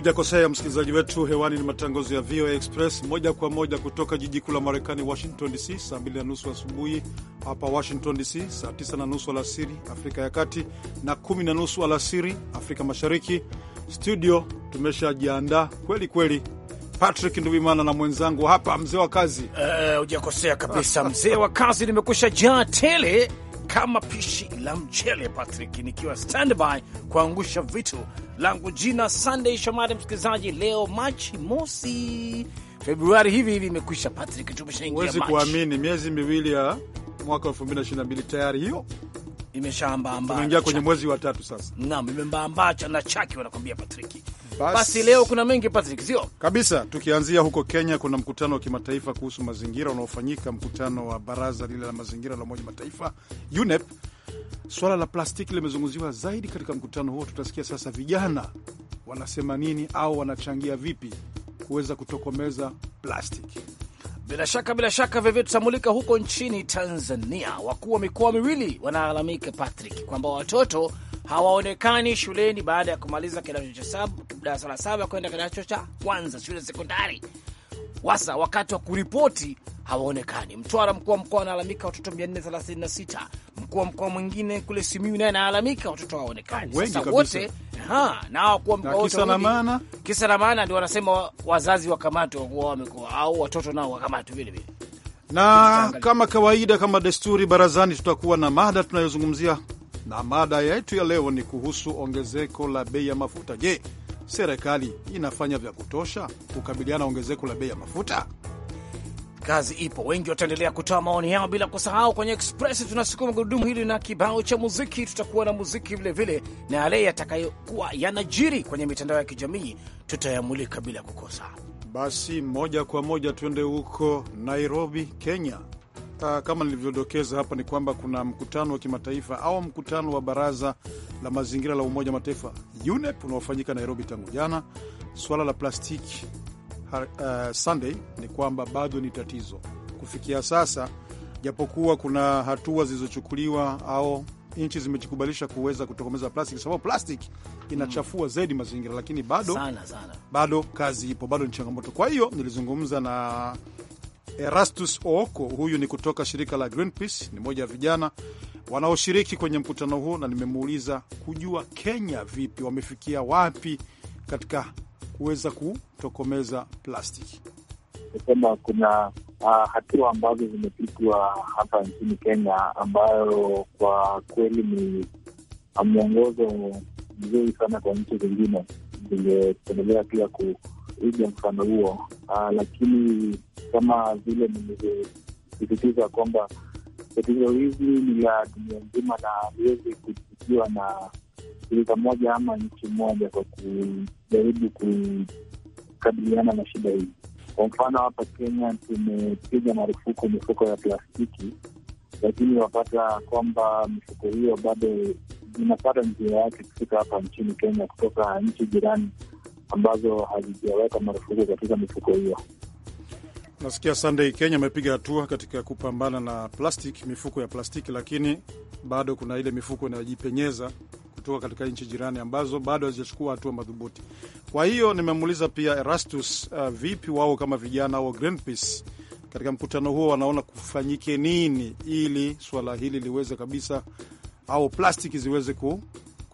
Hujakosea msikilizaji wetu, hewani ni matangazo ya VOA Express moja kwa moja kutoka jiji kuu la Marekani, Washington DC. Saa 2 na nusu asubuhi hapa Washington DC, saa 9 na nusu alasiri Afrika ya Kati na 1 na nusu alasiri Afrika Mashariki. Studio tumeshajiandaa kweli kweli. Patrick Nduvimana na mwenzangu hapa mzee wa kazi. Eh, hujakosea uh, kabisa mzee wa kazi nimekusha jaa tele kama pishi la mchele. Patrick nikiwa standby kuangusha vitu langu, jina Sunday Shomari. Msikilizaji, leo Machi mosi, Februari hivi hivi imekwisha. Patrick, tumeshaingia Machi, huwezi kuamini, miezi miwili ya mwaka mbili tayari hiyo imeshambaambaa, kwenye mwezi wa tatu sasa. Naam, imembaambaa na chaki, wanakwambia Patrick. Basi, Basi leo kuna mengi Patrick, sio? Kabisa, tukianzia huko Kenya kuna mkutano wa kimataifa kuhusu mazingira unaofanyika, mkutano wa baraza lile la mazingira la Umoja Mataifa UNEP. Swala la plastiki limezungumziwa zaidi katika mkutano huo. Tutasikia sasa vijana wanasema nini au wanachangia vipi kuweza kutokomeza plastiki. Bila shaka bila shaka, vivyo tutamulika huko nchini Tanzania. Wakuu wa mikoa miwili wanalalamika Patrick, kwamba watoto hawaonekani shuleni baada ya kumaliza kidato cha darasa la saba kwenda kidato cha kwanza shule sekondari. Wasa wakati wa kuripoti hawaonekani. Mtwara, mkuu wa mkoa analalamika watoto 436. Mkuu wa mkoa mwingine kule Simiu naye analalamika watoto hawaonekani. Sasa wote na wakuu wa mkoa wote, kisa na maana ndio wanasema wazazi wakamatwe, wakuwa wamekuwa au watoto nao wakamatwe vile vile. Na kama kawaida, kama desturi, barazani tutakuwa na mada tunayozungumzia na mada yetu ya leo ni kuhusu ongezeko la bei ya mafuta. Je, serikali inafanya vya kutosha kukabiliana na ongezeko la bei ya mafuta? Kazi ipo, wengi wataendelea kutoa maoni yao, bila kusahau kwenye Express tunasukuma gurudumu hili na kibao cha muziki. Tutakuwa na muziki vilevile na yale yatakayokuwa yanajiri kwenye mitandao ya kijamii tutayamulika bila kukosa. Basi moja kwa moja tuende huko Nairobi, Kenya. Uh, kama nilivyodokeza hapa ni kwamba kuna mkutano wa kimataifa au mkutano wa baraza la mazingira la Umoja Mataifa UNEP unaofanyika Nairobi tangu jana. swala la plastiki uh, Sunday ni kwamba bado ni tatizo kufikia sasa, japokuwa kuna hatua zilizochukuliwa au nchi zimejikubalisha kuweza kutokomeza plastiki, sababu plastiki inachafua hmm. zaidi mazingira, lakini bado sana, sana. bado kazi ipo, bado ni changamoto. Kwa hiyo nilizungumza na Erastus Ooko, huyu ni kutoka shirika la Greenpeace, ni mmoja ya vijana wanaoshiriki kwenye mkutano huo, na nimemuuliza kujua Kenya vipi, wamefikia wapi katika kuweza kutokomeza plastiki. Nisema kuna uh, hatua ambazo zimepigwa hapa nchini Kenya ambayo kwa kweli ni ah, mwongozo mzuri sana kwa nchi zingine zilizoendelea pia kuiga mfano huo Uh, lakini kama vile nilivyosisitiza kwamba tatizo hili ni la dunia nzima na haliwezi kufikiwa na shirika moja ama nchi moja kwa kujaribu kukabiliana na shida hii. Kwa mfano hapa Kenya tumepiga marufuku mifuko ya plastiki, lakini wapata kwamba mifuko hiyo bado inapata njia yake kufika hapa nchini Kenya kutoka nchi jirani ambazo hazijaweka marufuku katika mifuko hiyo. Nasikia Sunday Kenya amepiga hatua katika kupambana na plastic, mifuko ya plastiki, lakini bado kuna ile mifuko inayojipenyeza kutoka katika nchi jirani ambazo bado hazijachukua hatua madhubuti. Kwa hiyo nimemuuliza pia Erastus, uh, vipi wao kama vijana au Greenpeace katika mkutano huo wanaona kufanyike nini ili swala hili liweze kabisa au plastiki ziweze ku,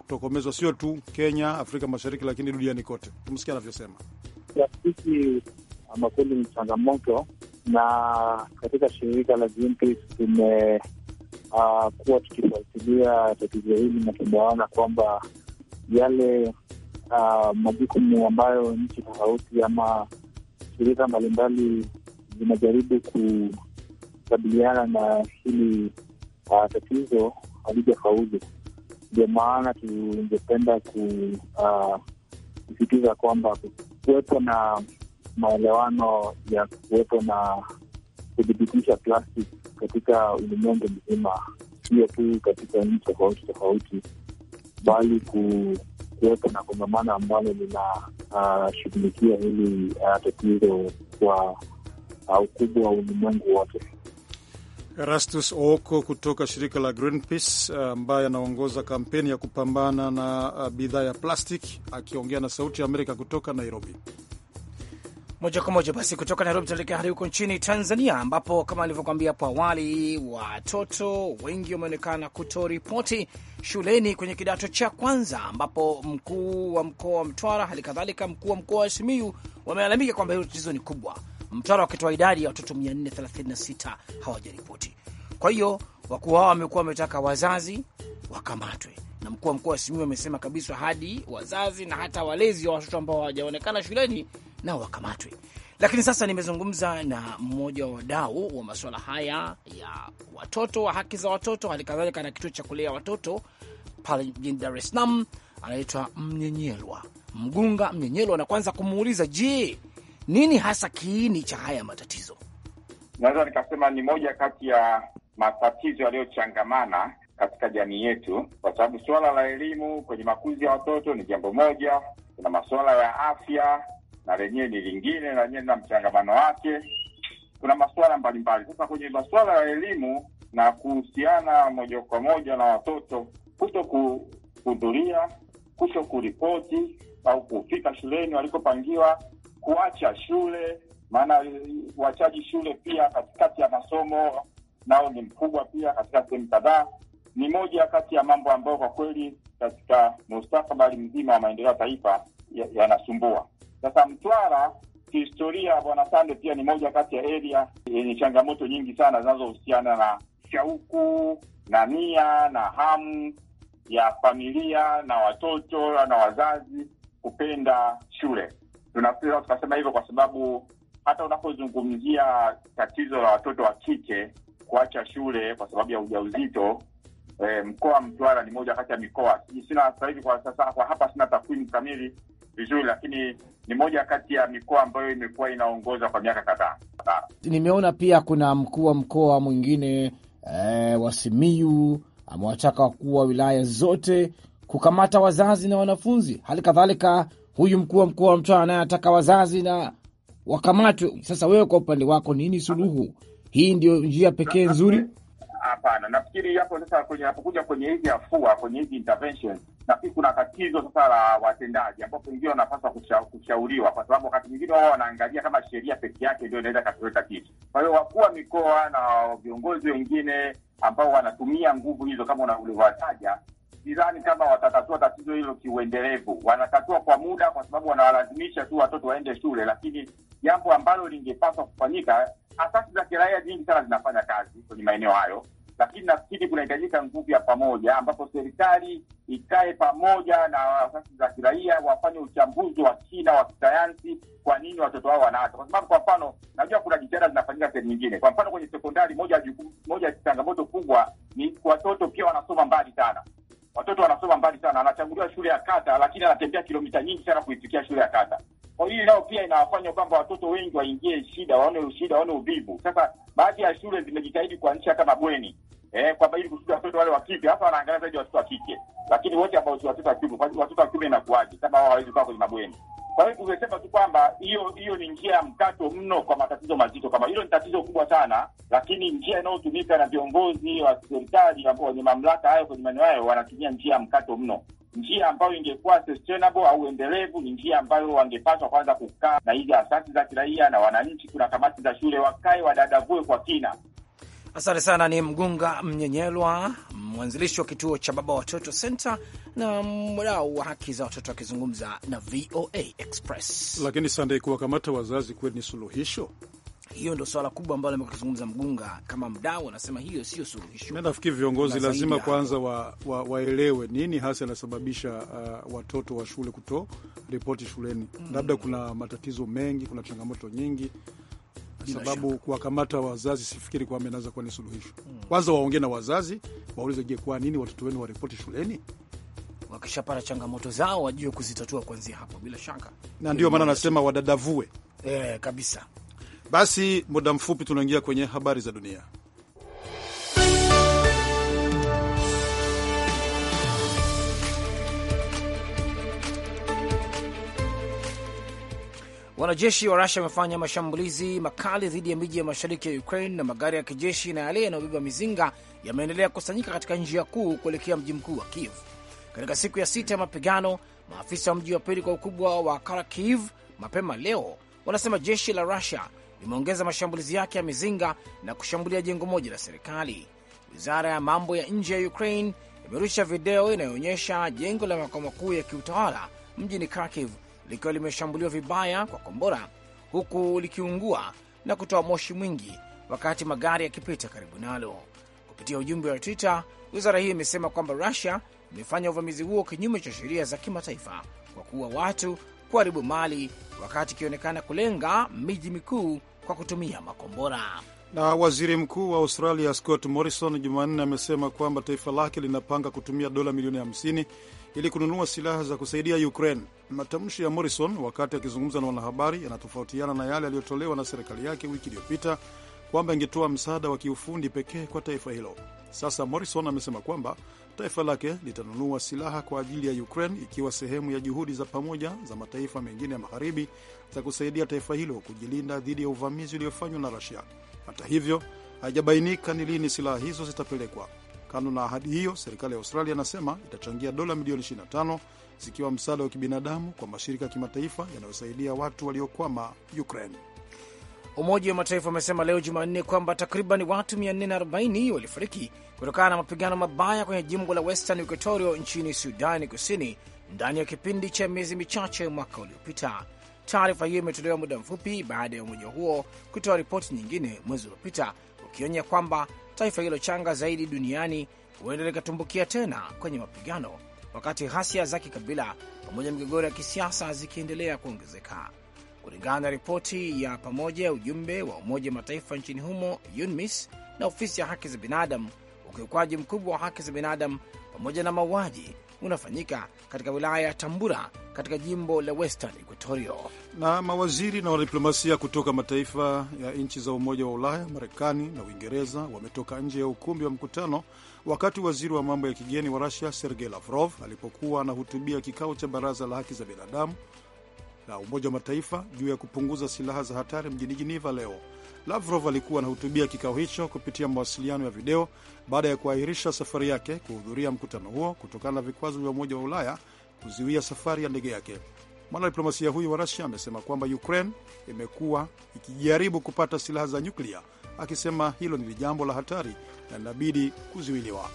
kutokomezwa sio tu Kenya, Afrika Mashariki, lakini duniani kote. Tumsikia anavyosema. Rafiki ama kweli ni changamoto, na katika shirika la Greenpeace tumekuwa ah, uh, tukifuatilia tatizo hili na tumeona kwamba yale uh, majukumu ambayo nchi tofauti ama shirika mbalimbali zinajaribu kukabiliana na hili uh, tatizo halijafaulu. Ndio maana tungependa uh, kusisitiza uh, kwamba kuwepo na maelewano ya kuwepo na kudhibitisha plastic katika ulimwengu mzima, sio tu katika nchi tofauti tofauti, bali kuwepo na kongamano ambalo linashughulikia uh, hili uh, tatizo kwa uh, ukubwa wa ulimwengu wote. Erastus Ooko kutoka shirika la Greenpeace eh, ambaye anaongoza kampeni ya kupambana na eh, bidhaa ya plastic akiongea na Sauti ya Amerika kutoka Nairobi. Moja kwa moja basi kutoka Nairobi tunaelekea hadi huko nchini Tanzania, ambapo kama alivyokwambia hapo awali, watoto wengi wameonekana kutoripoti shuleni kwenye kidato cha kwanza, ambapo mkuu wa mkoa wa Mtwara hali kadhalika mkuu wa mkoa wa Simiyu wamelalamika kwamba hilo tatizo ni kubwa. Mtwara wakitoa idadi ya watoto 436 hawajaripoti. Kwa hiyo wakuu hao wamekuwa wametaka wazazi wakamatwe, na mkuu wa mkoa wa Simiyu amesema kabisa hadi wazazi na hata walezi wa watoto ambao hawajaonekana shuleni nao wakamatwe. Lakini sasa nimezungumza na mmoja wa wadau wa masuala haya ya watoto wa haki za watoto, hali kadhalika na kituo cha kulea watoto pale jijini Dar es Salaam, anaitwa Mnyenyelwa Mgunga Mnyenyelwa, na kwanza kumuuliza je, nini hasa kiini cha haya matatizo? Naweza nikasema ni moja kati ya matatizo yaliyochangamana katika jamii yetu, kwa sababu suala la elimu kwenye makuzi ya watoto ni jambo moja, kuna masuala ya afya na lenyewe ni lingine, na lenyewe na mchangamano wake. Kuna masuala mbalimbali. Sasa kwenye masuala ya elimu na kuhusiana moja kwa moja na watoto, kuto kuhudhuria, kuto kuripoti au kufika shuleni walikopangiwa kuacha shule, maana eh, uachaji shule pia katikati ya masomo nao ni mkubwa pia katika sehemu kadhaa. Ni moja kati ya mambo ambayo kwa kweli katika mustakabali mzima wa maendeleo ya taifa yanasumbua. Sasa Mtwara kihistoria, Bwana Sande, pia ni moja kati ya eria yenye changamoto nyingi sana zinazohusiana na shauku na nia na hamu ya familia na watoto na wazazi kupenda shule tunapewa tukasema hivyo kwa sababu hata unapozungumzia tatizo la watoto wa kike kuacha shule kwa sababu ya ujauzito e, mkoa wa Mtwara ni moja kati ya mikoa sina sasa hivi kwa sasa kwa hapa sina takwimu kamili vizuri, lakini ni moja kati ya mikoa ambayo imekuwa inaongoza kwa miaka kadhaa. Nimeona pia kuna mkuu wa mkoa mwingine e, wa Simiyu amewataka wakuu wa wilaya zote kukamata wazazi na wanafunzi, hali kadhalika huyu mkuu wa mkoa wa Mtwara anayataka wazazi na wakamatwe. Sasa wewe kwa upande wako nini suluhu? Hii ndio njia pekee nzuri? Hapana, nafikiri hapo sasa kwenye napokuja kwenye hizi afua kwenye hizi intervention, nafikiri kuna tatizo sasa la watendaji, ambapo wengine wanapaswa kushauriwa, kwa sababu wakati mwingine wao wanaangalia kama sheria peke yake ndio inaweza ikatuleta kitu. Kwa hiyo wakuu wa mikoa na viongozi wengine ambao wanatumia nguvu hizo kama ulivyowataja, sidhani kama watatatua tatizo hilo kiuendelevu. Wanatatua kwa muda, kwa sababu wanawalazimisha tu watoto waende shule, lakini jambo ambalo lingepaswa kufanyika, asasi za kiraia nyingi sana zinafanya kazi kwenye maeneo hayo, lakini nafikiri kunahitajika nguvu ya pamoja, ambapo serikali ikae pamoja na asasi za kiraia, wafanye uchambuzi wa kina wa kisayansi, kwa nini watoto wao wanaacha. Kwa sababu, kwa mfano, najua kuna jitihada zinafanyika sehemu nyingine. Kwa mfano, kwenye sekondari, moja ya changamoto kubwa ni watoto pia wanasoma mbali sana watoto wanasoma mbali sana, anachaguliwa shule ya kata, lakini anatembea kilomita nyingi sana kuifikia shule ya kata. Kwa hiyo nao pia inawafanya kwamba watoto wengi waingie shida, waone shida, waone uvivu. Sasa baadhi ya shule zimejitahidi kuanzisha hata mabweni eh, kwamba ili kusudi watoto wale wa kike hapa wanaangalia zaidi watoto wa kike, lakini wote ambao si watoto wa kiume, watoto wa kiume inakuwaje kama wao hawawezi kukaa kwenye mabweni? Kwa hiyo tungesema tu kwamba hiyo hiyo ni njia ya mkato mno kwa matatizo mazito kama hilo. Ni tatizo kubwa sana, lakini njia inayotumika na viongozi wa serikali ambao wenye mamlaka hayo kwenye maeneo hayo wanatumia njia ya mkato mno. Njia ambayo ingekuwa sustainable au endelevu ni njia ambayo wangepaswa kwanza kukaa na hizi asasi za kiraia na wananchi. Kuna kamati za shule, wakae wadadavue kwa kina Asante sana. Ni Mgunga Mnyenyelwa, mwanzilishi wa kituo cha Baba Watoto Center na mdau wa haki za watoto akizungumza na VOA Express. Lakini Sandei, kuwakamata wazazi kweli ni suluhisho? Hiyo ndo swala kubwa ambalo limekuzungumza Mgunga kama mdau, anasema hiyo sio suluhisho. Mi nafikiri viongozi lazima kwanza wa, wa, waelewe nini hasa inasababisha uh, watoto wa shule kuto ripoti shuleni. mm Labda kuna matatizo mengi, kuna changamoto nyingi kwa sababu kuwakamata wazazi sifikiri kwamba inaweza kuwa ni suluhisho. Kwanza waongee na wazazi, waulize, je, kwa nini watoto wenu waripoti shuleni? Wakishapata changamoto zao wajue kuzitatua kuanzia hapo, bila shaka, na ndio maana anasema wadadavue. E, kabisa. Basi muda mfupi tunaingia kwenye habari za dunia. Wanajeshi wa Rusia wamefanya mashambulizi makali dhidi ya miji ya mashariki ya Ukraine na magari ya kijeshi na yale yanayobeba mizinga yameendelea kukusanyika katika njia kuu kuelekea mji mkuu wa Kiev. Katika siku ya sita ya mapigano, maafisa wa mji wa pili kwa ukubwa wa Kharkiv mapema leo wanasema jeshi la Rusia limeongeza mashambulizi yake ya mizinga na kushambulia jengo moja la serikali. Wizara ya mambo ya nje ya Ukraine imerusha video inayoonyesha jengo la makao makuu ya kiutawala mjini Kharkiv likiwa limeshambuliwa vibaya kwa kombora huku likiungua na kutoa moshi mwingi wakati magari yakipita karibu nalo. Kupitia ujumbe wa Twitter, wizara hiyo imesema kwamba Rusia imefanya uvamizi huo kinyume cha sheria za kimataifa kwa kuua watu, kuharibu mali, wakati ikionekana kulenga miji mikuu kwa kutumia makombora. Na waziri mkuu wa Australia Scott Morrison Jumanne amesema kwamba taifa lake linapanga kutumia dola milioni 50 ili kununua silaha za kusaidia Ukraine. Matamshi ya Morrison wakati akizungumza na wanahabari yanatofautiana na yale yaliyotolewa na serikali yake wiki iliyopita kwamba ingetoa msaada wa kiufundi pekee kwa taifa hilo. Sasa Morrison amesema kwamba taifa lake litanunua silaha kwa ajili ya Ukraine ikiwa sehemu ya juhudi za pamoja za mataifa mengine ya magharibi za kusaidia taifa hilo kujilinda dhidi ya uvamizi uliofanywa na rasia Hata hivyo, haijabainika ni lini silaha hizo zitapelekwa. Kando na ahadi hiyo, serikali ya Australia inasema itachangia dola milioni 25 zikiwa msaada wa kibinadamu kwa mashirika ya kimataifa yanayosaidia watu waliokwama Ukraine. Umoja wa Mataifa umesema leo Jumanne kwamba takriban watu 440 walifariki kutokana na mapigano mabaya kwenye jimbo la Western Equatoria nchini Sudani Kusini ndani ya kipindi cha miezi michache mwaka uliopita. Taarifa hiyo imetolewa muda mfupi baada ya umoja huo kutoa ripoti nyingine mwezi uliopita ukionya kwamba taifa hilo changa zaidi duniani huenda likatumbukia tena kwenye mapigano, wakati ghasia za kikabila pamoja na migogoro ya kisiasa zikiendelea kuongezeka. Kulingana na ripoti ya pamoja ya ujumbe wa Umoja Mataifa nchini humo UNMISS na ofisi ya haki za binadamu, ukiukwaji mkubwa wa haki za binadamu pamoja na mauaji unafanyika katika wilaya ya Tambura katika jimbo la Western Equatoria na mawaziri na wanadiplomasia kutoka mataifa ya nchi za Umoja wa Ulaya, Marekani na Uingereza wametoka nje ya ukumbi wa mkutano wakati waziri wa mambo ya kigeni wa Rusia Sergei Lavrov alipokuwa anahutubia kikao cha Baraza la Haki za Binadamu na Umoja wa Mataifa juu ya kupunguza silaha za hatari mjini Jiniva leo. Lavrov alikuwa anahutubia kikao hicho kupitia mawasiliano ya video baada ya kuahirisha safari yake kuhudhuria mkutano huo kutokana na vikwazo vya Umoja wa Ulaya kuzuia safari ya ndege yake. Mwanadiplomasia huyu wa Rusia amesema kwamba Ukraine imekuwa ikijaribu kupata silaha za nyuklia, akisema hilo ni jambo la hatari na linabidi kuzuiliwa.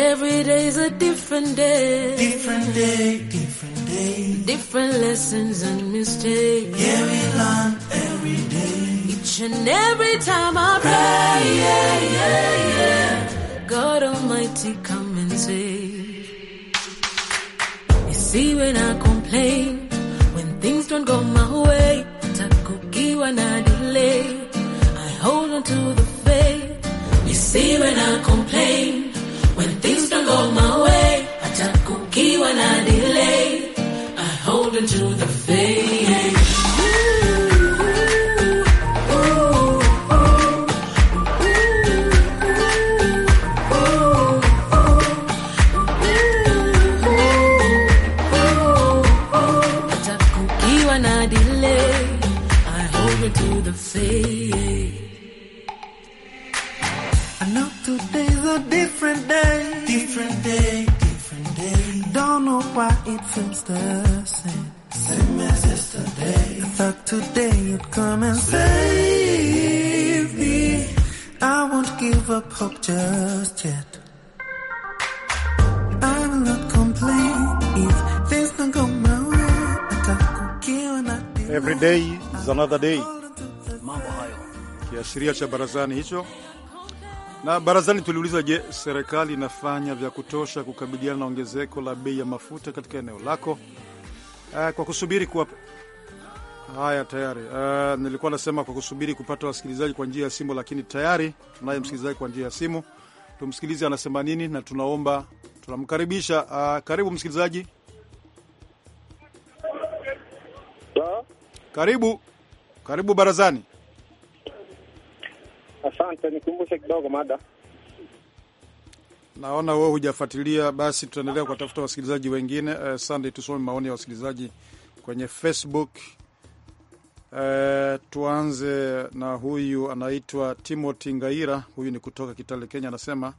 Every day's a different day. Different day, different day. Different lessons and mistakes. Yeah, we learn every day. Each and every time I pray, pray yeah, yeah, yeah. God Almighty, come and save. You see, when I complain, when things don't go my way, takukiwa na delay, I hold on to the faith. You see, when I complain go my way, hata kukiwa delay, I hold into the faith. another day, mambo hayo kiashiria cha barazani hicho. Na barazani tuliuliza, je, serikali inafanya vya kutosha kukabiliana na ongezeko la bei ya mafuta katika eneo lako? Uh, kwa kusubiri kuwa... haya tayari uh, nilikuwa nasema kwa kusubiri kupata wasikilizaji kwa njia ya simu, lakini tayari tunaye msikilizaji kwa njia ya simu. Tumsikilize anasema nini, na tunaomba tunamkaribisha. Uh, karibu msikilizaji, karibu. Karibu barazani. Asante, nikumbushe kidogo mada. Naona wewe hujafuatilia, basi tutaendelea kuwatafuta wasikilizaji wengine. Uh, eh, Sunday, tusome maoni ya wasikilizaji kwenye Facebook. Uh, tuanze na huyu anaitwa Timothy Ngaira, huyu ni kutoka Kitale, Kenya. Anasema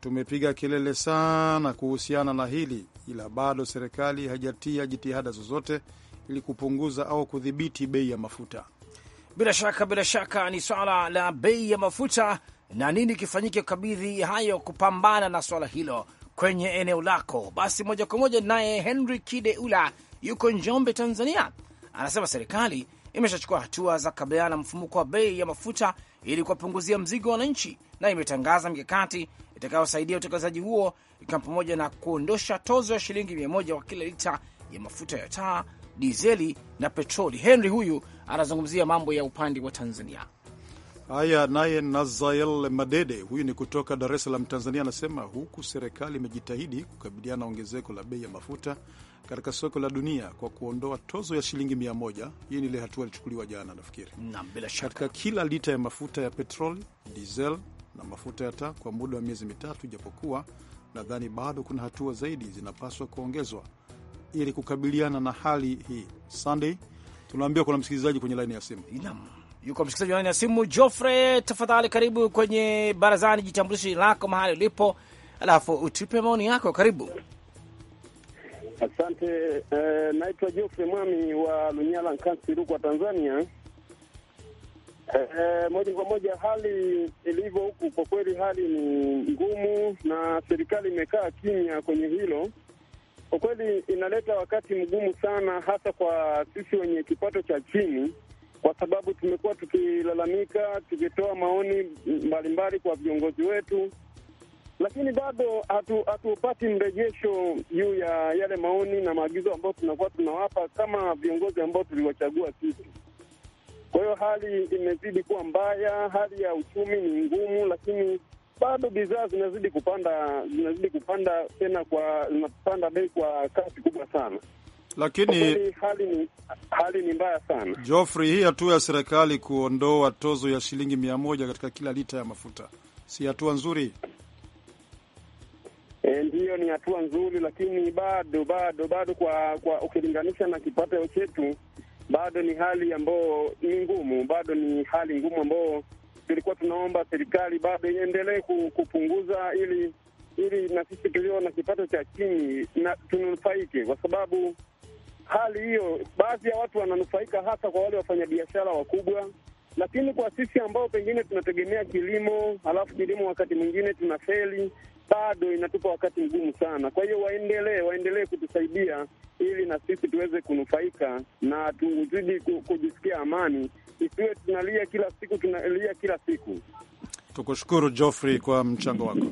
tumepiga kelele sana kuhusiana na hili, ila bado serikali haijatia jitihada zozote ili kupunguza au kudhibiti bei ya mafuta. Bila shaka, bila shaka ni swala la bei ya mafuta na nini kifanyike kabidhi hayo, kupambana na swala hilo kwenye eneo lako. Basi moja kwa moja naye Henry Kideula yuko Njombe, Tanzania, anasema serikali imeshachukua hatua za kukabiliana na mfumuko wa bei ya mafuta ili kuwapunguzia mzigo wa wananchi, na imetangaza mikakati itakayosaidia utekelezaji huo, ikiwa pamoja na kuondosha tozo ya shilingi mia moja kwa kila lita ya mafuta ya taa dizeli na petroli. Henry huyu anazungumzia mambo ya upande wa Tanzania. Haya, naye Nazael Madede, huyu ni kutoka Dar es Salaam, Tanzania, anasema huku serikali imejitahidi kukabiliana na ongezeko la bei ya mafuta katika soko la dunia kwa kuondoa tozo ya shilingi mia moja. Hii ni ile hatua ilichukuliwa jana, nafikiri katika kila lita ya mafuta ya petroli, diesel na mafuta ya taa kwa muda wa miezi mitatu, ijapokuwa nadhani bado kuna hatua zaidi zinapaswa kuongezwa ili kukabiliana na hali hii. Sunday, tunaambia kuna msikilizaji kwenye laini ya simu. Naam, yuko msikilizaji laini ya simu. Jofre, tafadhali karibu kwenye barazani, jitambulishe lako mahali ulipo, alafu utupe maoni yako. Karibu. Asante Uh, naitwa Jofre Mwami wa Lunyala, Nkasi, Rukwa, Tanzania. Eh, moja kwa moja hali ilivyo huku, kwa kweli hali ni ngumu na serikali imekaa kimya kwenye hilo kwa kweli inaleta wakati mgumu sana, hasa kwa sisi wenye kipato cha chini, kwa sababu tumekuwa tukilalamika, tukitoa maoni mbalimbali kwa viongozi wetu, lakini bado hatupati hatu mrejesho juu ya yale maoni na maagizo ambayo tunakuwa tunawapa kama viongozi ambao tuliwachagua sisi. Kwa hiyo hali imezidi kuwa mbaya, hali ya uchumi ni ngumu, lakini bado bidhaa zinazidi kupanda, zinazidi kupanda tena, kwa zinapanda bei kwa kasi kubwa sana lakini hali ni, hali ni mbaya sana Geoffrey. Hii hatua ya serikali kuondoa tozo ya shilingi mia moja katika kila lita ya mafuta si hatua nzuri? E, ndiyo ni hatua nzuri, lakini bado bado bado kwa kwa ukilinganisha na kipato chetu bado ni hali ambayo ni ngumu, bado ni hali ngumu ambayo tulikuwa tunaomba serikali bado iendelee kupunguza ili ili na sisi tulio na kipato cha chini na tunufaike, kwa sababu hali hiyo, baadhi ya watu wananufaika, hasa kwa wale wafanyabiashara wakubwa, lakini kwa sisi ambao pengine tunategemea kilimo, halafu kilimo wakati mwingine tunafeli, bado inatupa wakati mgumu sana. Kwa hiyo waendelee, waendelee kutusaidia ili na sisi tuweze kunufaika na tuzidi kujisikia amani, isiwe tunalia kila siku, tunalia kila siku. Tukushukuru Geoffrey kwa mchango wako.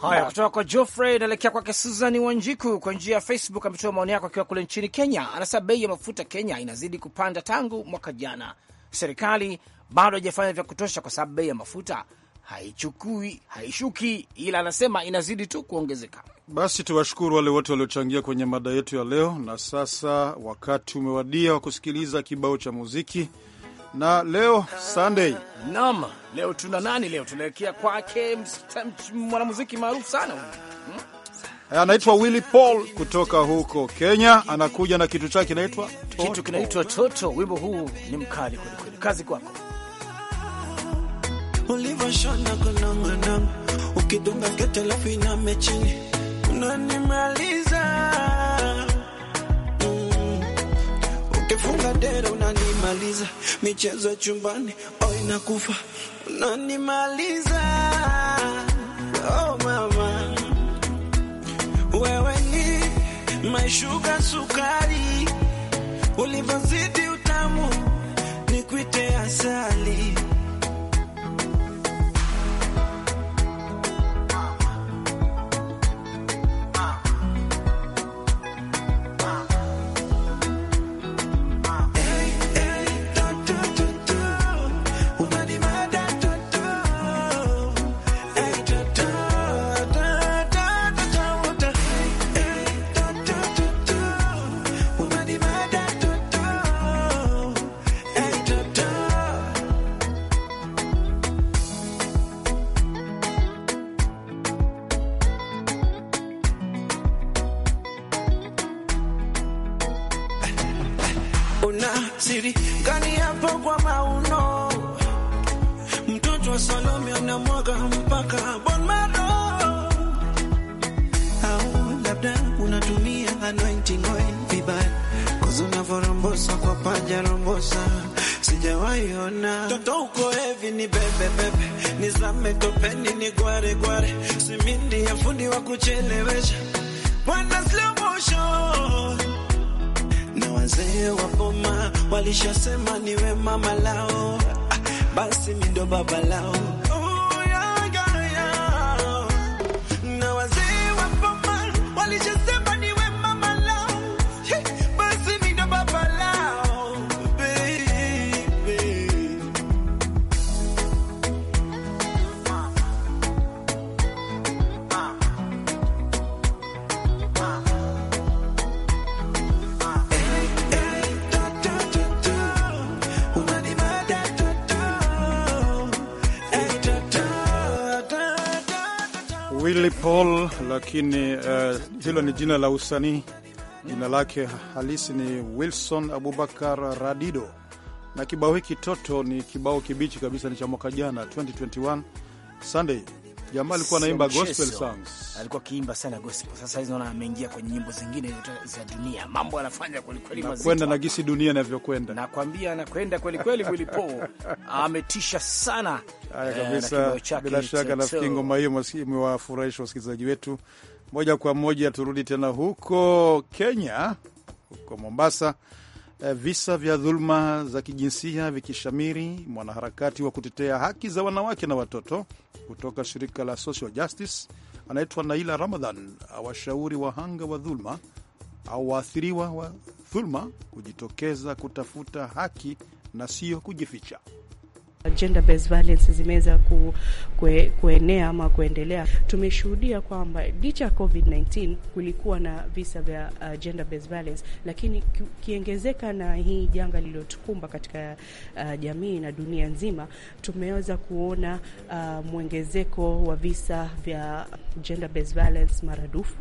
Haya, kutoka kwa Geoffrey inaelekea kwake Suzani Wanjiku kwa njia ya Facebook. Ametoa maoni yako akiwa kule nchini Kenya. Anasema bei ya mafuta Kenya inazidi kupanda tangu mwaka jana, serikali bado haijafanya vya kutosha, kwa sababu bei ya mafuta haichukui haishuki, ila anasema inazidi tu kuongezeka. Basi tuwashukuru wale wote waliochangia kwenye mada yetu ya leo, na sasa wakati umewadia wa kusikiliza kibao cha muziki. Na leo Sunday, naam, leo tuna nani? Leo tunaelekea kwake mwanamuziki maarufu sana hmm? Eh, anaitwa Willy Paul kutoka huko Kenya, anakuja na kitu chake kinaitwa kitu kinaitwa Toto. Wimbo huu ni mkali kwelikweli. Kazi kwako ulivyoshona kunong'ono, ukidunga kete lafu iname chini, unanimaliza mm. Ukifunga dera unanimaliza, michezo ya chumbani oh, inakufa unanimaliza oh, mama wewe ni maishuka sukari, ulivyozidi utamu nikwite asali kosa sijawaiona toto uko hevi ni bebe bebe nizame topeni ni gware gware simindi ya fundi wa kuchelewesha bwana slow motion na wazee wa boma walishasema niwe mama lao basi mindo baba lao oh, na wazee wa boma walishasema Paul, lakini uh, hilo ni jina la usanii. Jina lake halisi ni Wilson Abubakar Radido, na kibao hiki Toto ni kibao kibichi kabisa, ni cha mwaka jana 2021 Sunday Jamaa alikuwa anaimba gospel songs, alikuwa akiimba sana gospel. Sasa hizo naona ameingia kwenye nyimbo zingine za dunia, mambo anafanya kweli kweli, mazito kwenda na gisi dunia inavyokwenda, nakwambia anakwenda kweli kweli. Wilipo ametisha sana. Haya eh, kabisa, eh, bila shaka nafikiri ngoma hiyo imewafurahisha wasikilizaji wetu. Moja kwa moja turudi tena huko Kenya, huko Mombasa. Eh, visa vya dhuluma za kijinsia vikishamiri, mwanaharakati wa kutetea haki za wanawake na watoto kutoka shirika la Social Justice anaitwa Naila Ramadhan awashauri wahanga wa dhulma au waathiriwa wa dhulma kujitokeza kutafuta haki na sio kujificha. Gender based violence zimeweza ku, kue, kuenea ama kuendelea. Tumeshuhudia kwamba licha ya COVID-19 kulikuwa na visa vya uh, gender based violence, lakini kiongezeka na hii janga lililotukumba katika uh, jamii na dunia nzima, tumeweza kuona uh, mwongezeko wa visa vya gender based violence maradufu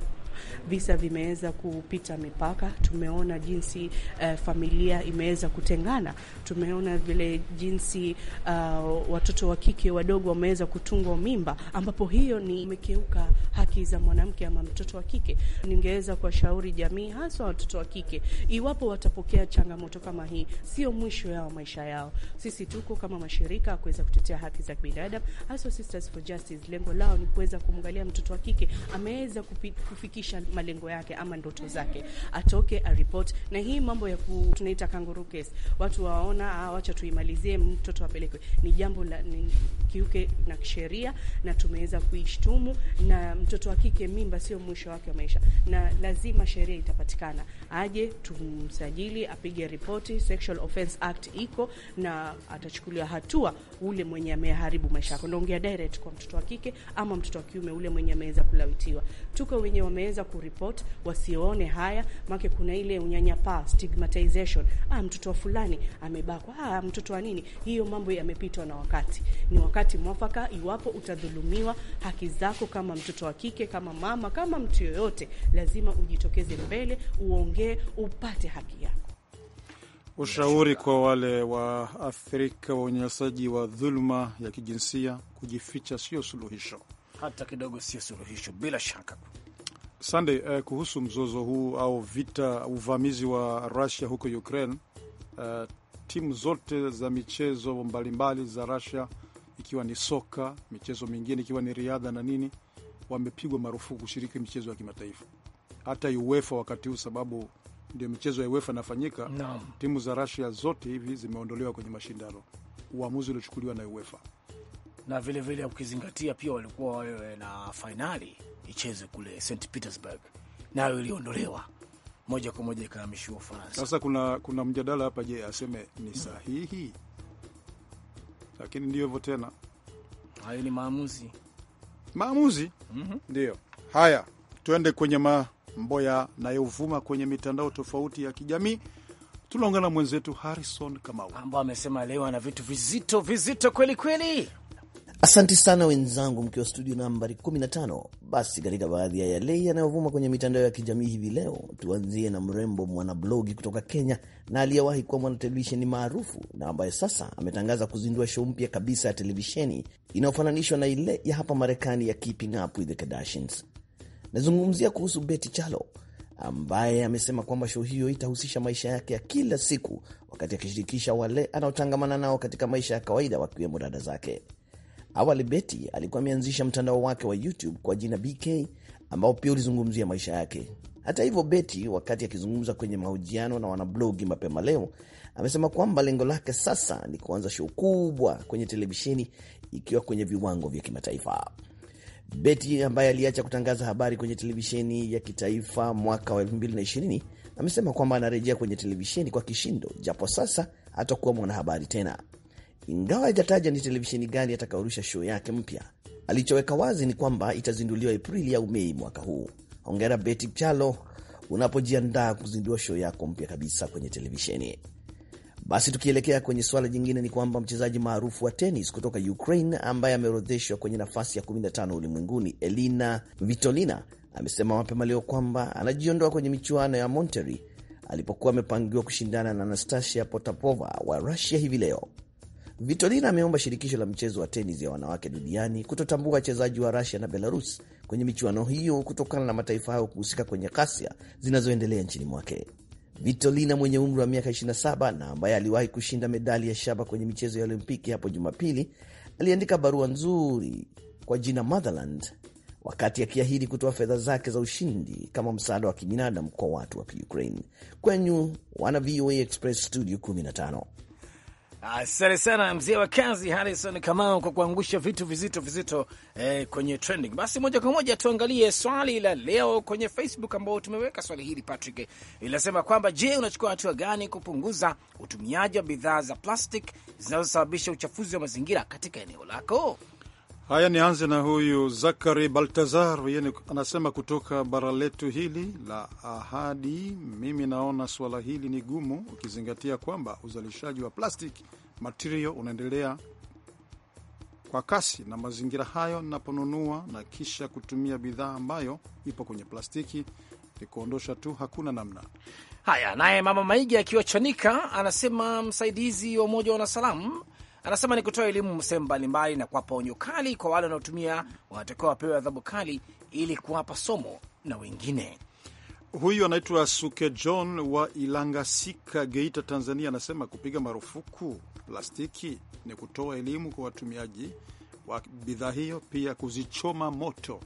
visa vimeweza kupita mipaka. Tumeona jinsi uh, familia imeweza kutengana. Tumeona vile jinsi uh, watoto wa kike wadogo wameweza kutungwa mimba, ambapo hiyo ni imekeuka haki za mwanamke ama mtoto wa kike. Ningeweza kuwashauri jamii, hasa watoto wa kike, iwapo watapokea changamoto kama hii, sio mwisho yao maisha yao. Sisi tuko kama mashirika kuweza kutetea haki za kibinadamu, hasa Sisters for Justice, lengo lao ni kuweza kumwangalia mtoto wa kike ameweza kufikisha kufanikisha malengo yake ama ndoto zake, atoke a report. Na hii mambo ya ku, tunaita kanguru case, watu waona ah, wacha tuimalizie, mtoto apelekwe, ni jambo la ni kiuke na kisheria, na tumeweza kuishtumu. Na mtoto wa kike, mimba sio mwisho wake wa maisha, na lazima sheria itapatikana, aje tumsajili, apige ripoti. Sexual Offense Act iko na atachukuliwa hatua ule mwenye ameharibu maisha yako. Naongea direct kwa mtoto wa kike ama mtoto wa kiume, ule mwenye ameweza kulawitiwa, tuko wenye wameweza kuweza kuripoti wasione haya, maana kuna ile unyanyapaa, stigmatization. Ah, mtoto wa fulani amebakwa, ah, mtoto wa nini. Hiyo mambo yamepitwa na wakati. Ni wakati mwafaka, iwapo utadhulumiwa haki zako kama mtoto wa kike, kama mama, kama mtu yoyote, lazima ujitokeze mbele, uongee, upate haki yako. Ushauri kwa wale wa wa unyanyasaji wa dhuluma ya kijinsia, kujificha sio suluhisho hata kidogo, sio suluhisho bila shaka. Sande, eh, kuhusu mzozo huu au vita, uvamizi wa Russia huko Ukraine, eh, timu zote za michezo mbalimbali mbali za Russia ikiwa ni soka, michezo mingine ikiwa ni riadha na nini, wamepigwa marufuku kushiriki michezo ya kimataifa, hata UEFA wakati huu, sababu ndio michezo ya UEFA inafanyika no. Timu za Russia zote hivi zimeondolewa kwenye mashindano, uamuzi uliochukuliwa na UEFA na vile vile ukizingatia pia walikuwa wawe na fainali ichezwe kule St Petersburg, nayo iliondolewa moja kwa moja ikahamishiwa Ufaransa. Sasa kuna, kuna mjadala hapa, je, aseme ni sahihi? Lakini ndio hivyo tena, hayo ni maamuzi maamuzi, mm -hmm. Ndio haya, tuende kwenye mambo yanayovuma kwenye mitandao tofauti ya kijamii. Tunaongana na mwenzetu Harrison Kamau ambao amesema leo ana vitu vizito vizito kweli kweli. Asante sana wenzangu, mkiwa studio nambari 15. Basi katika baadhi ya yale yanayovuma kwenye mitandao ya kijamii hivi leo, tuanzie na mrembo mwanablogi kutoka Kenya na aliyewahi kuwa mwanatelevisheni maarufu na ambaye sasa ametangaza kuzindua show mpya kabisa ya televisheni inayofananishwa na ile ya hapa Marekani ya Keeping Up with the Kardashians. Nazungumzia kuhusu Beti Chalo ambaye amesema kwamba show hiyo itahusisha maisha yake ya kila siku, wakati akishirikisha wale anaotangamana nao katika maisha ya kawaida, wakiwemo dada zake. Awali Beti alikuwa ameanzisha mtandao wake wa YouTube kwa jina BK ambao pia ulizungumzia maisha yake. Hata hivyo, Beti wakati akizungumza kwenye mahojiano na wanablogi mapema leo amesema kwamba lengo lake sasa ni kuanza show kubwa kwenye televisheni ikiwa kwenye viwango vya kimataifa. Beti ambaye aliacha kutangaza habari kwenye televisheni ya kitaifa mwaka wa 2020 amesema kwamba anarejea kwenye televisheni kwa kishindo, japo sasa hatakuwa mwanahabari tena ingawa haijataja ni televisheni gani atakaorusha show yake mpya. Alichoweka wazi ni kwamba itazinduliwa Aprili au Mei mwaka huu. Hongera Beti Chalo unapojiandaa kuzindua show yako mpya kabisa kwenye televisheni. Basi tukielekea kwenye suala jingine, ni kwamba mchezaji maarufu wa tenis kutoka Ukraine ambaye ameorodheshwa kwenye nafasi ya 15 ulimwenguni, Elina Vitolina amesema mapema leo kwamba anajiondoa kwenye michuano ya Monterrey alipokuwa amepangiwa kushindana na Anastasia Potapova wa Rusia hivi leo. Vitolina ameomba shirikisho la mchezo wa tenis ya wanawake duniani kutotambua wachezaji wa Rusia na Belarus kwenye michuano hiyo kutokana na mataifa hayo kuhusika kwenye ghasia zinazoendelea nchini mwake. Vitolina mwenye umri wa miaka 27 na ambaye aliwahi kushinda medali ya shaba kwenye michezo ya Olimpiki hapo Jumapili aliandika barua nzuri kwa jina Motherland wakati akiahidi kutoa fedha zake za ushindi kama msaada wa kibinadamu kwa watu wa Ukraine. Kwenyu wana VOA Express studio 15 Asante sana mzee wa kazi Harrison Kamau kwa kuangusha vitu vizito vizito eh, kwenye trending. Basi moja kwa moja tuangalie swali la leo kwenye Facebook ambao tumeweka swali hili Patrick. Linasema kwamba je, unachukua hatua gani kupunguza utumiaji wa bidhaa za plastic zinazosababisha uchafuzi wa mazingira katika eneo lako? Haya, nianze na huyu Zakari Baltazar, yeye anasema kutoka bara letu hili la ahadi, mimi naona suala hili ni gumu, ukizingatia kwamba uzalishaji wa plastic material unaendelea kwa kasi na mazingira hayo, naponunua na kisha kutumia bidhaa ambayo ipo kwenye plastiki ni kuondosha tu, hakuna namna. Haya, naye mama maigi akiwa Chanika anasema msaidizi wa Umoja wa Wanasalamu Anasema ni kutoa elimu sehemu mbalimbali na kuwapa onyo kali kwa wale wanaotumia, wanatakiwa wapewe adhabu kali ili kuwapa somo na wengine. Huyu anaitwa Suke John wa Ilangasika, Geita, Tanzania, anasema kupiga marufuku plastiki ni kutoa elimu kwa watumiaji wa bidhaa hiyo, pia kuzichoma moto.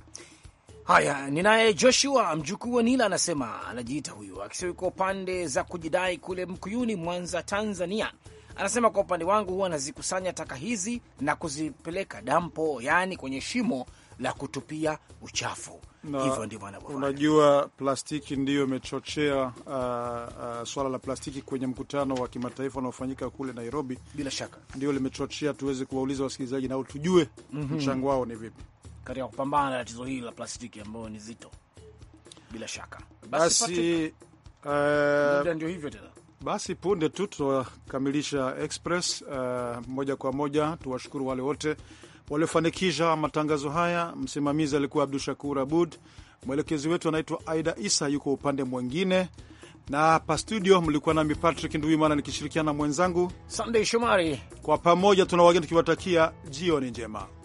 Haya, ninaye Joshua mjukuu wa Nila anasema, anajiita huyu, akisema yuko pande za kujidai kule Mkuyuni, Mwanza, Tanzania. Anasema kwa upande wangu huwa nazikusanya taka hizi na kuzipeleka dampo, yaani kwenye shimo la kutupia uchafu. Hivyo ndivyo anavyofanya. Unajua, plastiki ndiyo imechochea uh, uh, swala la plastiki kwenye mkutano wa kimataifa unaofanyika kule Nairobi. Bila shaka ndio limechochea tuweze kuwauliza wasikilizaji nao tujue mm -hmm. mchango wao ni vipi katika kupambana na tatizo hili la plastiki ambayo ni zito. Bila shaka basi, basi uh, ndio hivyo tena basi punde tu tunakamilisha Express uh, moja kwa moja. Tuwashukuru wale wote waliofanikisha matangazo haya. Msimamizi alikuwa Abdu Shakur Abud, mwelekezi wetu anaitwa Aida Isa, yuko upande mwingine na hapa studio mlikuwa nami Patrick Nduimana nikishirikiana na mwenzangu Sandey Shomari. Kwa pamoja tuna wageni tukiwatakia jioni njema.